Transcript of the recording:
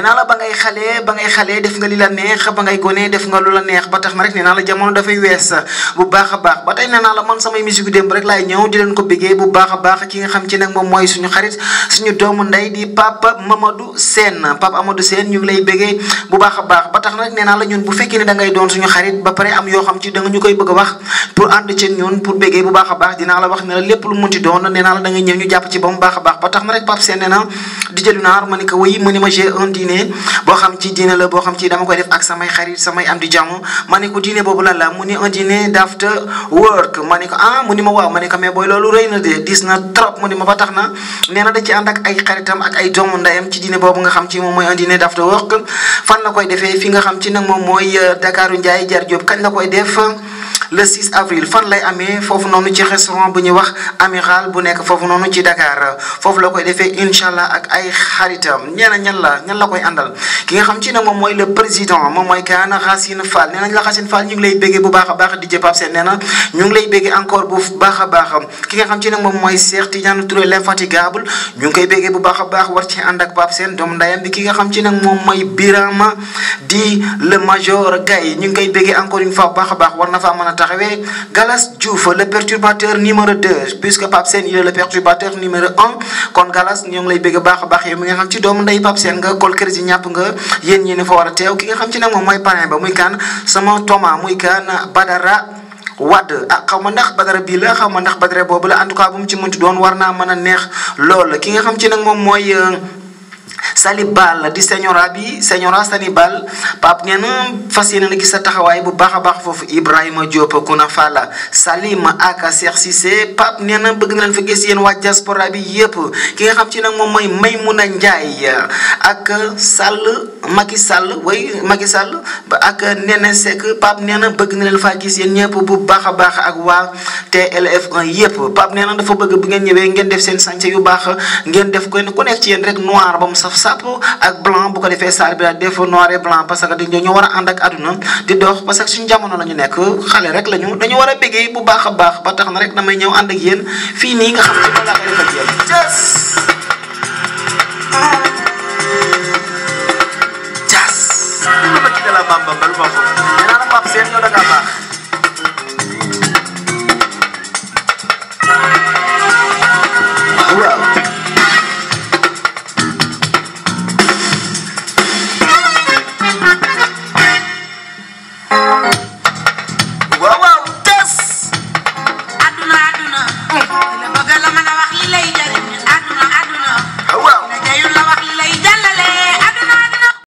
nena la ba ngay xalé ba ngay xalé def nga lila neex ba ngay goné def nga lula neex ba tax ma rek nena la jamono da fay wess bu baakha baax batay nena la man sama musique dem rek lay ñew di len ko bëggé bu baakha baax ki nga xam ci nak mom moy suñu xarit suñu doomu nday di papa mamadou sen papa amadou sen ñu ngi lay bëggé bu baakha baax ba tax nak nena la ñun bu fekkene da ngay doon suñu xarit ba paré am yo xam ci da nga ñukoy bëgg wax pour and ci ñun pour bëggé bu baakha baax dina la wax ne lepp lu mu ci doon nena la da nga ñew ñu japp ci bam baakha baax ba tax ma rek papa sen nena di jël naa heure ma ni ko oui ma ni ma j'ai un boo xam ci dîner la boo xam ci dama koy def ak samay xarit samay am di jàmm ma ni ko dîner boobu lan la mu ni un work ma ni ko ah mu ni ma waaw ma ni ko mais booy loolu rëy na de diis na trop mu ni ma ba tax na nee na da ci ànd ak ay xaritam ak ay doomu ndeyam ci dîner boobu nga xam ci moom mooy un dîner d'after work fan la koy defee fi nga xam ci nag moom mooy euh, dakaaru Ndiaye Jar Diop kañ la koy def le 6 avril fan lay ame foofu noonu ci restaurant bu ñuy wax amiral bu nekk foofu noonu ci Dakar foofu la koy defee incha allah ak ay xaritam ñeena ñan la ñan la koy àndal ki nga xam ci ne moom mooy le président moom mooy kaan Racine lay béggee bu baax a baax di jëpab seen nee na ñu ngi lay béggee encore bu baax a moom mooy Cheikh Tidiane Touré l'infatigable ñu ngi koy béggee bu baax a baax war ci ànd ak Pape Sène doomu ki nga xam ci nag moom mooy Birama di le major Gaye ñu ngi koy béggee encore une fois baax a baax war na faa mën taxawee Galas Diouf le perturbateur numéro 2 puisque Pape Sène il est le perturbateur numéro 1 kon Galas ñoo lay bëgg baax a baax yow mi nga xam ci doomu ndey Pape nga kol kër si ñàpp nga yéen ñi ne fa a teew ki nga xam ci nag moom mooy parrain ba muy kaan sama Thomas muy kaan Badara wadd ah xaw ma ndax badara bii la ma ndax badara boobu la en tout ci mënti doon war naa a neex lool ki nga xam ci nag moom mooy euh, Salibal di señora bi señora Salibal Pape nee na fas yéene na gis sa taxawaay bu baax a baax foofu Ibrahima Diop na Fala Salima ak Cheikh si Pape nee na bëgg na leen fa gis yéen waa diaspora bi yépp ki nga xam ci nag moom mooy Maymouna Ndiaye ak Sall. Macky Sall way Macky Sall ba ak nena sek pap nena bëgg na leen fa gis yeen ñepp bu baaxa baax ak wa TLF1 yépp pap nena dafa bëgg bu ngeen ñëwé ngeen def seen santé yu baax ngeen def ko ku nekk ci yeen rek noir bam saf sap ak blanc bu ko défé sar bi def noir et blanc parce que dañu ñu wara and ak aduna di dox parce que suñu jamono lañu nekk xalé rek lañu dañu wara bëggé bu baaxa baax ba tax na rek damay ñëw and ak yeen fi ni nga xam ci la xalé de la Bamba bal bopp nee naa la Pape Sène yow da ngaa baax.